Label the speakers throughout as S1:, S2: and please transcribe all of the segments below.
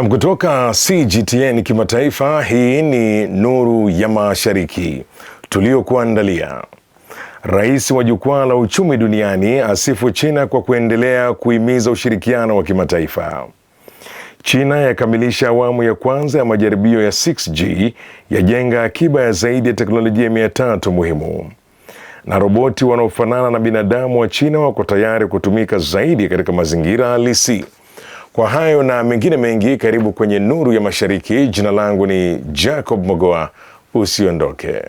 S1: Nam kutoka CGTN Kimataifa, hii ni Nuru ya Mashariki tuliokuandalia. Rais wa Jukwaa la Uchumi Duniani asifu China kwa kuendelea kuhimiza ushirikiano wa kimataifa. China yakamilisha awamu ya kwanza ya majaribio ya 6G, yajenga akiba ya zaidi ya teknolojia mia tatu muhimu. Na roboti wanaofanana na binadamu wa China wako tayari kutumika zaidi katika mazingira halisi. Kwa hayo na mengine mengi, karibu kwenye Nuru ya Mashariki. Jina langu ni Jacob Mogoa, usiondoke.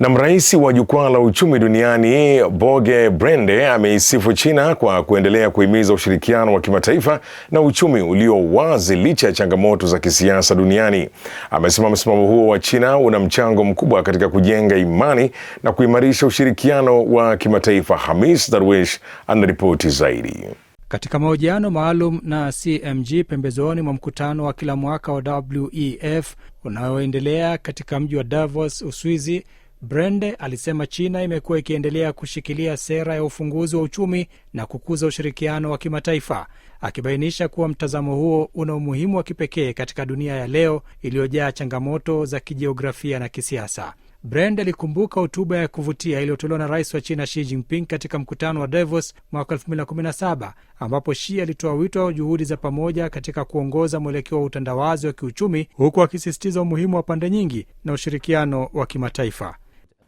S1: Na mrais wa jukwaa la uchumi duniani Boge Brende ameisifu China kwa kuendelea kuhimiza ushirikiano wa kimataifa na uchumi ulio wazi licha ya changamoto za kisiasa duniani. Amesema msimamo huo wa China una mchango mkubwa katika kujenga imani na kuimarisha ushirikiano wa kimataifa. Hamis Darwish anaripoti zaidi.
S2: Katika mahojiano maalum na CMG pembezoni mwa mkutano wa kila mwaka wa WEF unaoendelea katika mji wa Davos, Uswizi, Brende alisema China imekuwa ikiendelea kushikilia sera ya ufunguzi wa uchumi na kukuza ushirikiano wa kimataifa, akibainisha kuwa mtazamo huo una umuhimu wa kipekee katika dunia ya leo iliyojaa changamoto za kijiografia na kisiasa. brend alikumbuka hotuba ya kuvutia iliyotolewa na rais wa China Xi Jinping katika mkutano wa Davos mwaka 2017 ambapo Xi alitoa wito wa juhudi za pamoja katika kuongoza mwelekeo wa utandawazi wa kiuchumi huku akisisitiza umuhimu wa pande nyingi na ushirikiano wa kimataifa.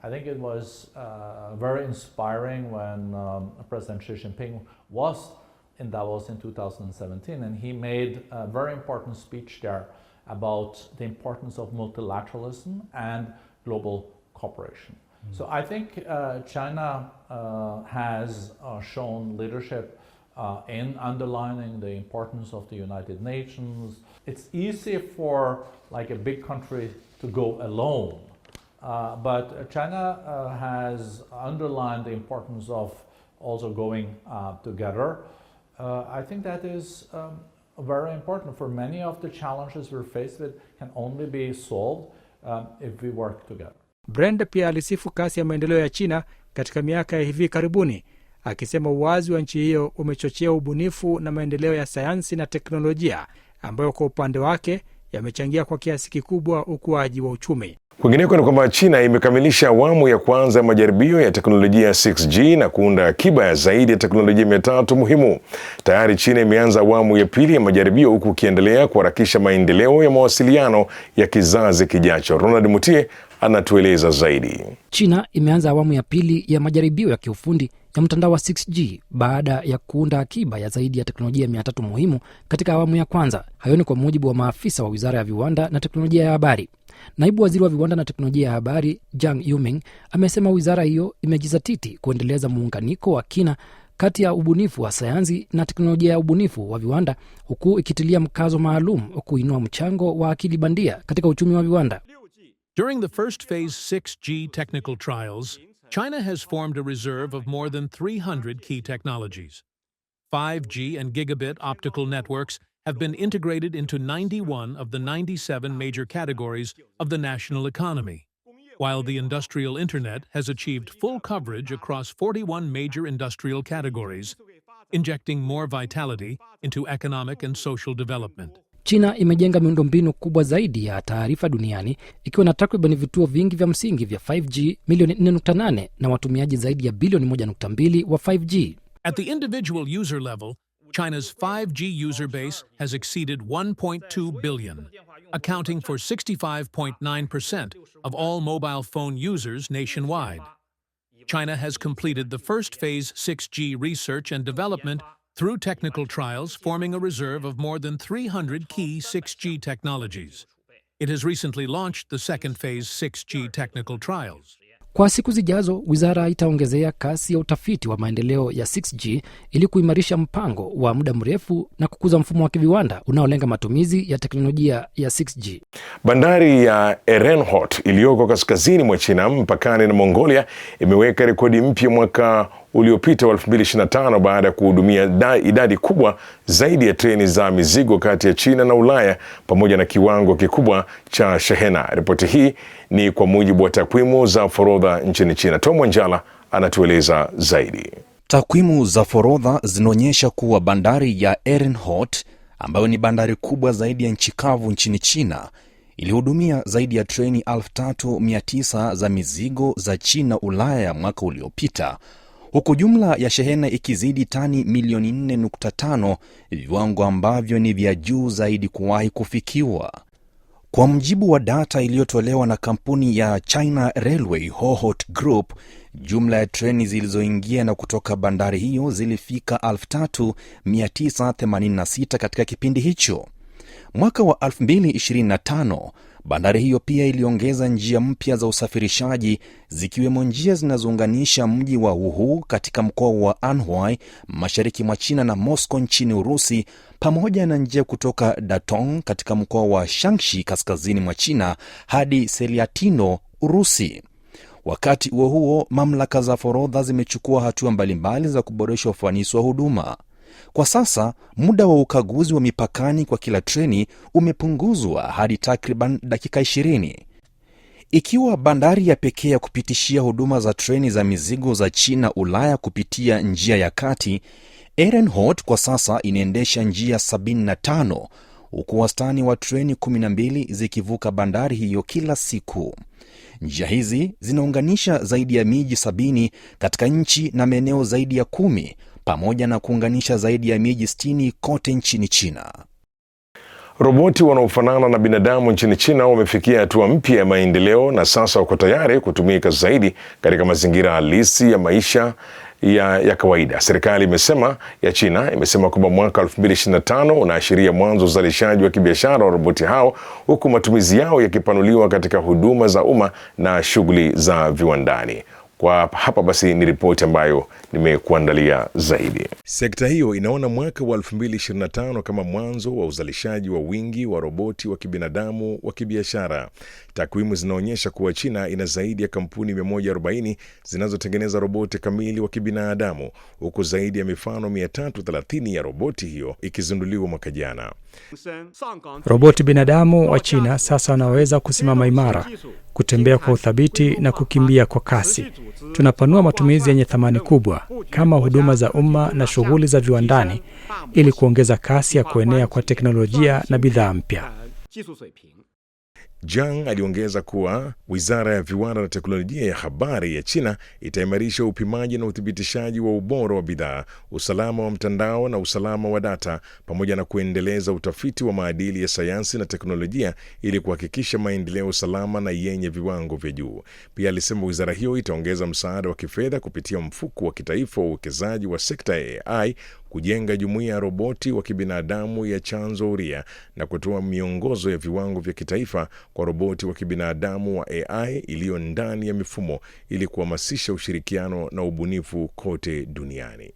S3: I think it was uh, very inspiring when um, President Xi Jinping was in Davos in 2017, and he made a very important speech there about the importance of multilateralism and global cooperation. Mm. So I think uh, China uh, has uh, shown leadership uh, in underlining the importance of the United Nations. It's easy for like a big country to go alone Uh, but China uh, has underlined the importance of also going uh, together. Uh, I think that is um, very important for many of the challenges we're faced with can only be solved um, if we work together.
S2: Brenda pia alisifu kasi ya maendeleo ya China katika miaka ya hivi karibuni, akisema uwazi wa nchi hiyo umechochea ubunifu na maendeleo ya sayansi na teknolojia ambayo kwa upande wake yamechangia kwa kiasi kikubwa ukuaji wa uchumi.
S1: Kwingineko ni kwamba China imekamilisha awamu ya kwanza ya majaribio ya teknolojia ya 6G na kuunda akiba ya zaidi ya teknolojia mia tatu muhimu. Tayari China imeanza awamu ya pili ya majaribio huku ikiendelea kuharakisha maendeleo ya mawasiliano ya kizazi kijacho. Ronald Mutie anatueleza zaidi.
S2: China imeanza awamu ya pili ya majaribio ya kiufundi ya mtandao wa 6G baada ya kuunda akiba ya zaidi ya teknolojia 300 muhimu katika awamu ya kwanza. Hayo ni kwa mujibu wa maafisa wa Wizara ya Viwanda na Teknolojia ya Habari. Naibu Waziri wa Viwanda na Teknolojia ya Habari Jiang Yuming amesema wizara hiyo imejizatiti kuendeleza muunganiko wa kina kati ya ubunifu wa sayansi na teknolojia ya ubunifu wa viwanda huku ikitilia mkazo maalum wa kuinua mchango wa akili bandia katika uchumi wa viwanda.
S4: During the first phase 6G technical trials, China has formed a reserve of more than 300 key technologies. 5G and gigabit optical networks have been integrated into 91 of the 97 major categories of the national economy, while the industrial internet has achieved full coverage across 41 major industrial categories, injecting more vitality into economic and social development.
S2: China imejenga miundombinu kubwa zaidi ya taarifa duniani ikiwa na takriban vituo vingi vya msingi vya 5G milioni 4.8 na watumiaji zaidi ya bilioni 1.2 wa 5G.
S4: At the individual user level, China's 5G user base has exceeded 1.2 billion, accounting for 65.9% of all mobile phone users nationwide. China has completed the first phase 6G research and development through technical trials, forming a reserve of more than 300 key 6G technologies. It has recently launched the second phase 6G technical trials.
S2: Kwa siku zijazo, wizara itaongezea kasi ya utafiti wa maendeleo ya 6G ili kuimarisha mpango wa muda mrefu na kukuza mfumo wa kiviwanda unaolenga matumizi ya teknolojia ya 6G.
S1: Bandari ya Erenhot iliyoko kaskazini mwa China mpakani na Mongolia imeweka rekodi mpya mwaka uliopita wa 2025 baada ya kuhudumia idadi kubwa zaidi ya treni za mizigo kati ya China na Ulaya pamoja na kiwango kikubwa cha shehena. Ripoti hii ni kwa mujibu wa takwimu za forodha nchini China. Tom Wanjala anatueleza zaidi.
S2: Takwimu za forodha zinaonyesha kuwa bandari ya Erenhot ambayo ni bandari kubwa zaidi ya nchi kavu nchini China ilihudumia zaidi ya treni 3900 za mizigo za China Ulaya mwaka uliopita huku jumla ya shehena ikizidi tani milioni 4.5, viwango ambavyo ni vya juu zaidi kuwahi kufikiwa. Kwa mjibu wa data iliyotolewa na kampuni ya China Railway hohot Group, jumla ya treni zilizoingia na kutoka bandari hiyo zilifika 3986 katika kipindi hicho. Mwaka wa 225 Bandari hiyo pia iliongeza njia mpya za usafirishaji zikiwemo njia zinazounganisha mji wa Wuhu katika mkoa wa Anhui mashariki mwa China na Moscow nchini Urusi pamoja na njia kutoka Datong katika mkoa wa shanshi kaskazini mwa China hadi Seliatino, Urusi. Wakati huo huo, mamlaka za forodha zimechukua hatua mbalimbali za kuboresha ufanisi wa huduma. Kwa sasa muda wa ukaguzi wa mipakani kwa kila treni umepunguzwa hadi takriban dakika 20. Ikiwa bandari ya pekee ya kupitishia huduma za treni za mizigo za China Ulaya kupitia njia ya kati, Erenhot kwa sasa inaendesha njia 75 huku wastani wa treni 12 zikivuka bandari hiyo kila siku. Njia hizi zinaunganisha zaidi ya miji 70 katika nchi na maeneo zaidi ya kumi pamoja na kuunganisha zaidi ya miji 60 kote nchini China.
S1: Roboti wanaofanana na binadamu nchini China wamefikia hatua mpya ya maendeleo na sasa wako tayari kutumika zaidi katika mazingira halisi ya maisha ya, ya kawaida. Serikali imesema ya China imesema kwamba mwaka 2025 unaashiria mwanzo uzalishaji wa kibiashara wa roboti hao huku matumizi yao yakipanuliwa katika huduma za umma na shughuli za viwandani. Kwa hapa basi ni ripoti ambayo nimekuandalia zaidi. Sekta hiyo inaona mwaka wa 2025 kama mwanzo wa uzalishaji wa wingi wa roboti wa kibinadamu wa kibiashara. Takwimu zinaonyesha kuwa China ina zaidi ya kampuni 140 zinazotengeneza roboti kamili wa kibinadamu, huku zaidi ya mifano 330 ya roboti hiyo ikizinduliwa mwaka jana.
S2: Roboti binadamu wa China sasa wanaweza kusimama imara, kutembea kwa uthabiti na kukimbia kwa kasi. Tunapanua matumizi yenye thamani kubwa kama huduma za umma na shughuli za viwandani ili kuongeza kasi ya kuenea kwa teknolojia na bidhaa mpya.
S1: Jiang aliongeza kuwa wizara ya viwanda na teknolojia ya habari ya China itaimarisha upimaji na uthibitishaji wa ubora wa bidhaa, usalama wa mtandao na usalama wa data, pamoja na kuendeleza utafiti wa maadili ya sayansi na teknolojia ili kuhakikisha maendeleo salama na yenye viwango vya juu. Pia alisema wizara hiyo itaongeza msaada wa kifedha kupitia mfuko wa kitaifa wa uwekezaji wa sekta ya AI kujenga jumuiya ya roboti wa kibinadamu ya chanzo huria na kutoa miongozo ya viwango vya kitaifa kwa roboti wa kibinadamu wa AI iliyo ndani ya mifumo ili kuhamasisha ushirikiano na ubunifu kote duniani.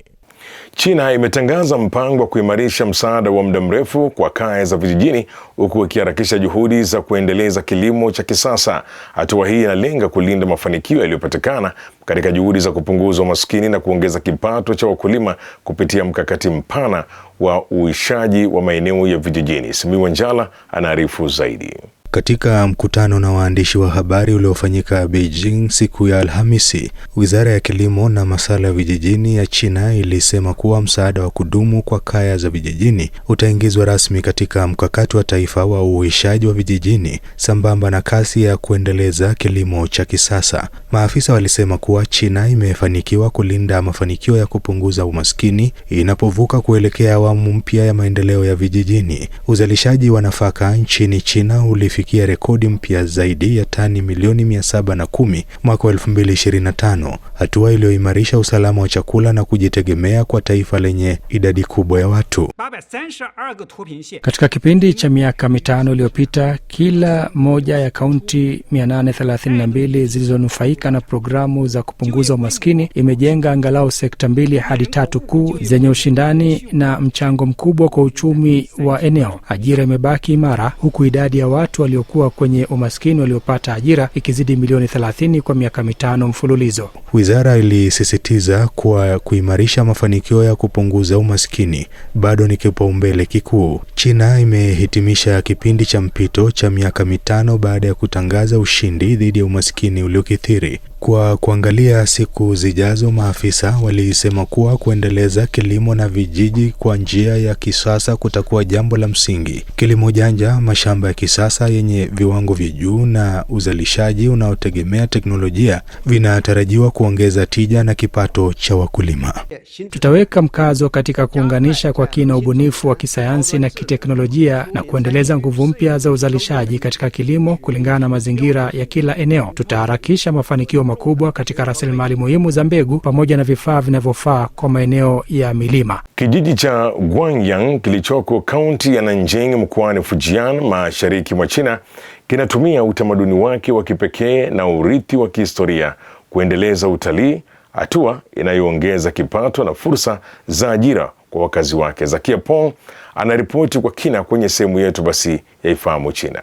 S1: China imetangaza mpango wa kuimarisha msaada wa muda mrefu kwa kaya za vijijini huku ikiharakisha juhudi za kuendeleza kilimo cha kisasa. Hatua hii inalenga kulinda mafanikio yaliyopatikana katika juhudi za kupunguza umaskini na kuongeza kipato cha wakulima kupitia mkakati mpana wa uishaji wa maeneo ya vijijini. simiwa njala anaarifu zaidi.
S5: Katika mkutano na waandishi wa habari uliofanyika Beijing siku ya Alhamisi, Wizara ya Kilimo na Masuala ya Vijijini ya China ilisema kuwa msaada wa kudumu kwa kaya za vijijini utaingizwa rasmi katika mkakati wa taifa wa uhuishaji wa vijijini sambamba na kasi ya kuendeleza kilimo cha kisasa. Maafisa walisema kuwa China imefanikiwa kulinda mafanikio ya kupunguza umaskini inapovuka kuelekea awamu mpya ya maendeleo ya vijijini. Uzalishaji wa nafaka nchini China uli ilifikia rekodi mpya zaidi ya tani milioni 710 mwaka 2025, hatua iliyoimarisha usalama wa chakula na kujitegemea kwa taifa lenye idadi kubwa ya watu.
S6: Katika kipindi cha miaka mitano iliyopita, kila moja ya kaunti 832 zilizonufaika na programu za kupunguza umaskini imejenga angalau sekta mbili hadi tatu kuu zenye ushindani na mchango mkubwa kwa uchumi wa eneo. Ajira imebaki imara huku idadi ya watu waliokuwa kwenye umaskini waliopata ajira ikizidi milioni 30 kwa miaka mitano mfululizo.
S5: Wizara ilisisitiza kuwa kuimarisha mafanikio ya kupunguza umaskini bado ni kipaumbele kikuu. China imehitimisha kipindi cha mpito cha miaka mitano baada ya kutangaza ushindi dhidi ya umaskini uliokithiri. Kwa kuangalia siku zijazo, maafisa walisema kuwa kuendeleza kilimo na vijiji kwa njia ya kisasa kutakuwa jambo la msingi. Kilimo janja, mashamba ya kisasa yenye viwango vya juu na uzalishaji unaotegemea teknolojia vinatarajiwa kuongeza tija na kipato cha wakulima.
S2: Tutaweka mkazo katika kuunganisha kwa kina ubunifu wa kisayansi na kiteknolojia na kuendeleza nguvu mpya za uzalishaji katika kilimo kulingana na mazingira ya kila eneo. Tutaharakisha mafanikio makubwa katika rasilimali muhimu za mbegu pamoja na vifaa vinavyofaa kwa maeneo ya milima.
S1: Kijiji cha guangyang kilichoko kaunti ya Nanjing mkoani Fujian, mashariki mwa China, kinatumia utamaduni wake wa kipekee na urithi wa kihistoria kuendeleza utalii, hatua inayoongeza kipato na fursa za ajira kwa wakazi wake. Zakia Paul anaripoti kwa kina kwenye sehemu yetu basi ya Ifahamu China.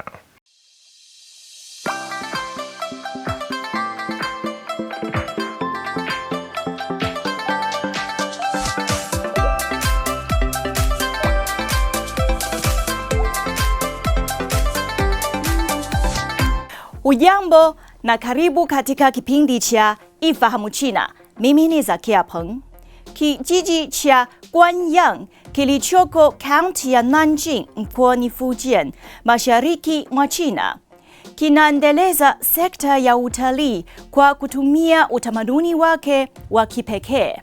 S7: Ujambo na karibu katika kipindi cha Ifahamu China. Mimi ni Zakia Peng. Kijiji cha Guanyang kilichoko kaunti ya Nanjing mkoani Fujian, mashariki mwa China, kinaendeleza sekta ya utalii kwa kutumia utamaduni wake wa kipekee,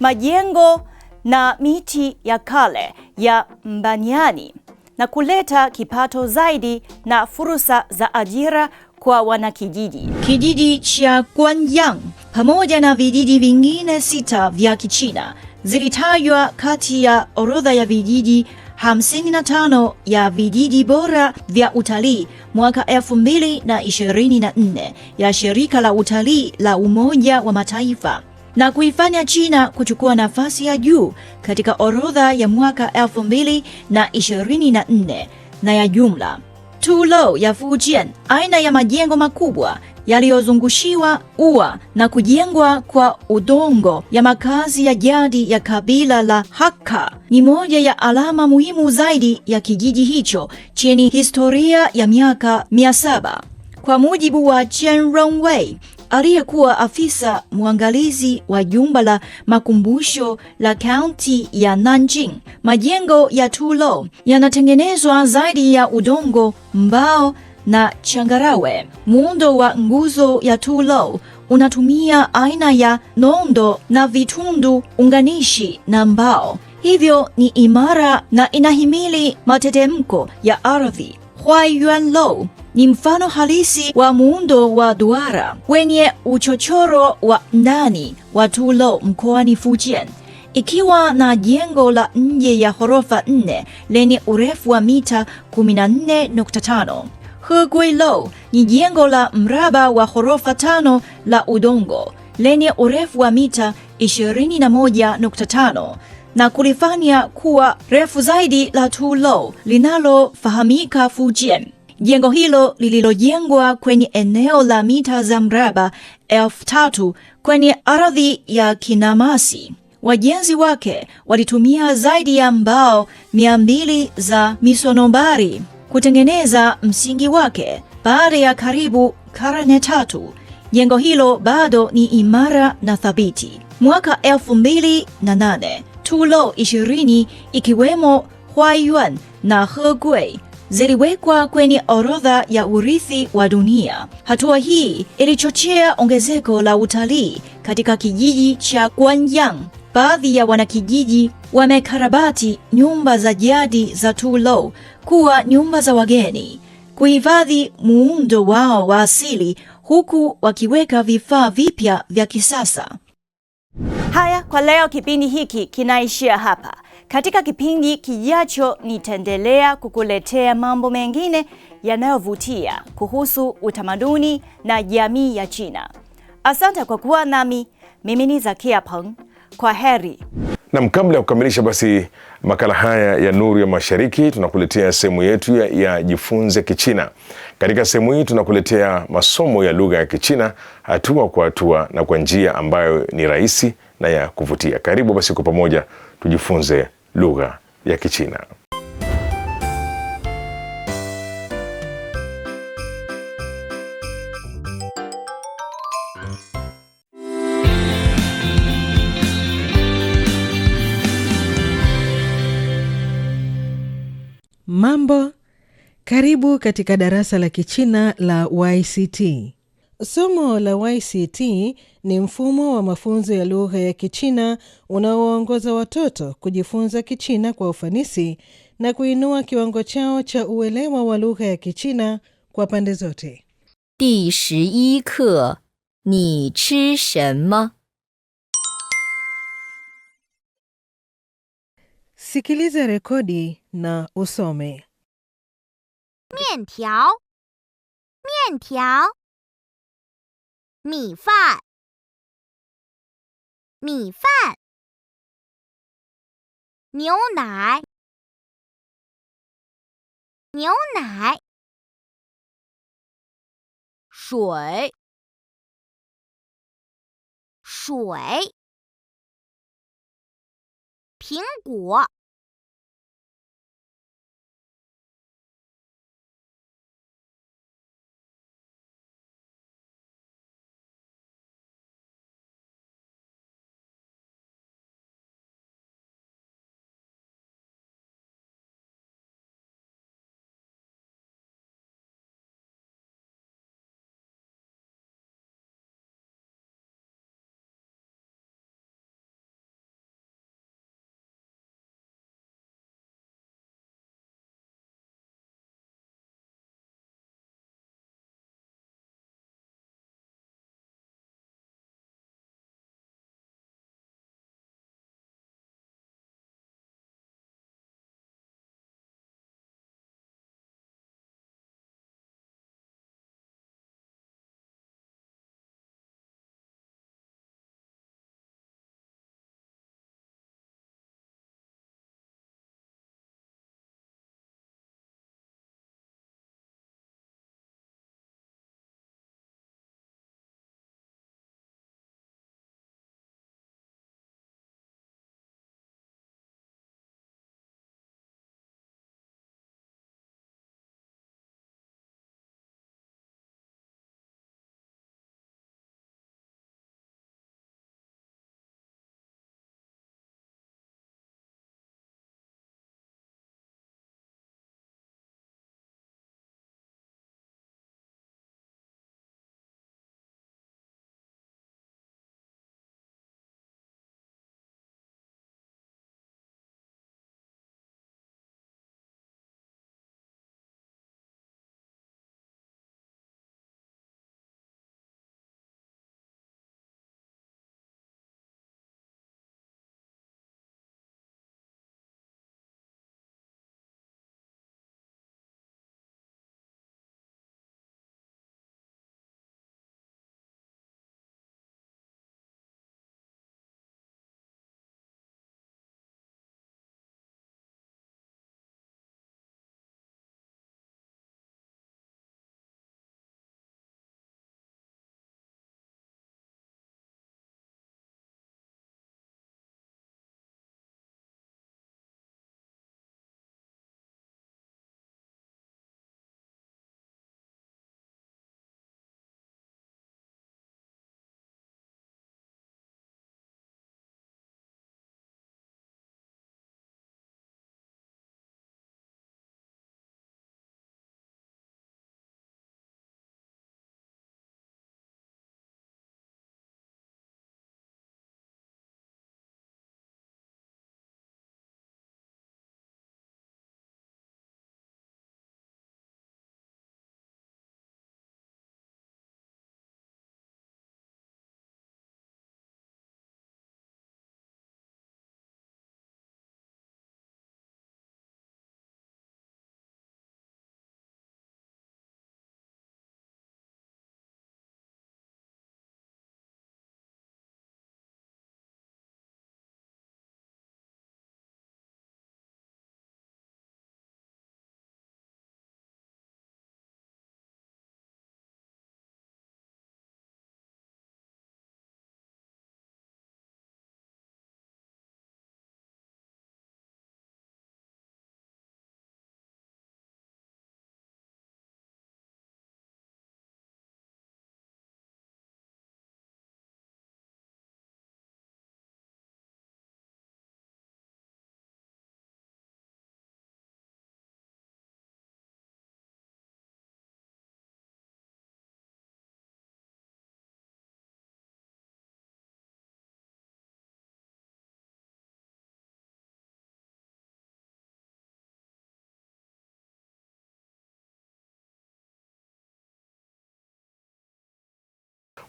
S7: majengo na miti ya kale ya mbaniani na kuleta kipato zaidi na fursa za ajira kwa wanakijiji. Kijiji cha Guanyang pamoja na vijiji vingine sita vya Kichina zilitajwa kati ya orodha ya vijiji 55 ya vijiji bora vya utalii mwaka 2024 ya shirika la utalii la Umoja wa Mataifa na kuifanya China kuchukua nafasi ya juu katika orodha ya mwaka 2024 na ya jumla. Tulo ya Fujian, aina ya majengo makubwa yaliyozungushiwa ua na kujengwa kwa udongo ya makazi ya jadi ya kabila la Hakka ni moja ya alama muhimu zaidi ya kijiji hicho chenye historia ya miaka mia saba. Kwa mujibu wa Chen Rongwei, aliyekuwa afisa mwangalizi wa jumba la makumbusho la kaunti ya Nanjing. Majengo ya Tulo yanatengenezwa zaidi ya udongo, mbao na changarawe. Muundo wa nguzo ya Tulo unatumia aina ya nondo na vitundu unganishi na mbao, hivyo ni imara na inahimili matetemko ya ardhi. Yuan Lou ni mfano halisi wa muundo wa duara wenye uchochoro wa ndani wa Tulo mkoani Fujian, ikiwa na jengo la nje ya ghorofa nne lenye urefu wa mita 14.5. Gui Lou ni jengo la mraba wa ghorofa tano la udongo lenye urefu wa mita 21.5 na kulifanya kuwa refu zaidi la Tulou linalofahamika Fujian. Jengo hilo lililojengwa kwenye eneo la mita za mraba elfu tatu kwenye ardhi ya kinamasi. Wajenzi wake walitumia zaidi ya mbao mia mbili za misonombari kutengeneza msingi wake. Baada ya karibu karne tatu, jengo hilo bado ni imara na thabiti. Mwaka elfu mbili na nane Tulo ishirini ikiwemo Huaiyuan na Hegui ziliwekwa kwenye orodha ya urithi wa dunia. Hatua hii ilichochea ongezeko la utalii katika kijiji cha Guanyang. Baadhi ya wanakijiji wamekarabati nyumba za jadi za Tulo kuwa nyumba za wageni, kuhifadhi muundo wao wa asili huku wakiweka vifaa vipya vya kisasa.
S8: Haya kwa leo, kipindi hiki kinaishia hapa. Katika kipindi kijacho, nitaendelea kukuletea mambo mengine yanayovutia kuhusu utamaduni na jamii ya China. Asante kwa kuwa nami. Mimi ni Zakia Peng, kwa heri.
S1: Nam, kabla ya kukamilisha basi makala haya ya Nuru ya Mashariki, tunakuletea sehemu yetu ya, ya jifunze Kichina. Katika sehemu hii tunakuletea masomo ya lugha ya Kichina hatua kwa hatua na kwa njia ambayo ni rahisi na ya kuvutia. Karibu basi kwa pamoja tujifunze lugha ya Kichina.
S9: Mambo, karibu katika darasa la Kichina la YCT. Somo la YCT ni mfumo wa mafunzo ya lugha ya Kichina unaowaongoza watoto kujifunza Kichina kwa ufanisi na kuinua kiwango chao cha uelewa wa lugha ya Kichina kwa pande zote. Sikiliza rekodi na usome.
S10: 面条，面条。米饭，米饭，牛奶，牛奶，水，水，苹果。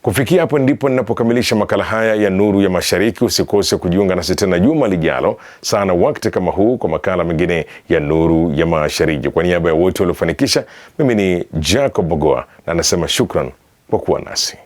S10: Kufikia hapo ndipo ninapokamilisha makala haya ya Nuru ya Mashariki. Usikose kujiunga nasi tena juma lijalo sana wakati kama huu kwa makala mengine ya Nuru ya Mashariki. Kwa niaba ya wote waliofanikisha, mimi ni Jacob mogoa na nasema shukran kwa kuwa nasi.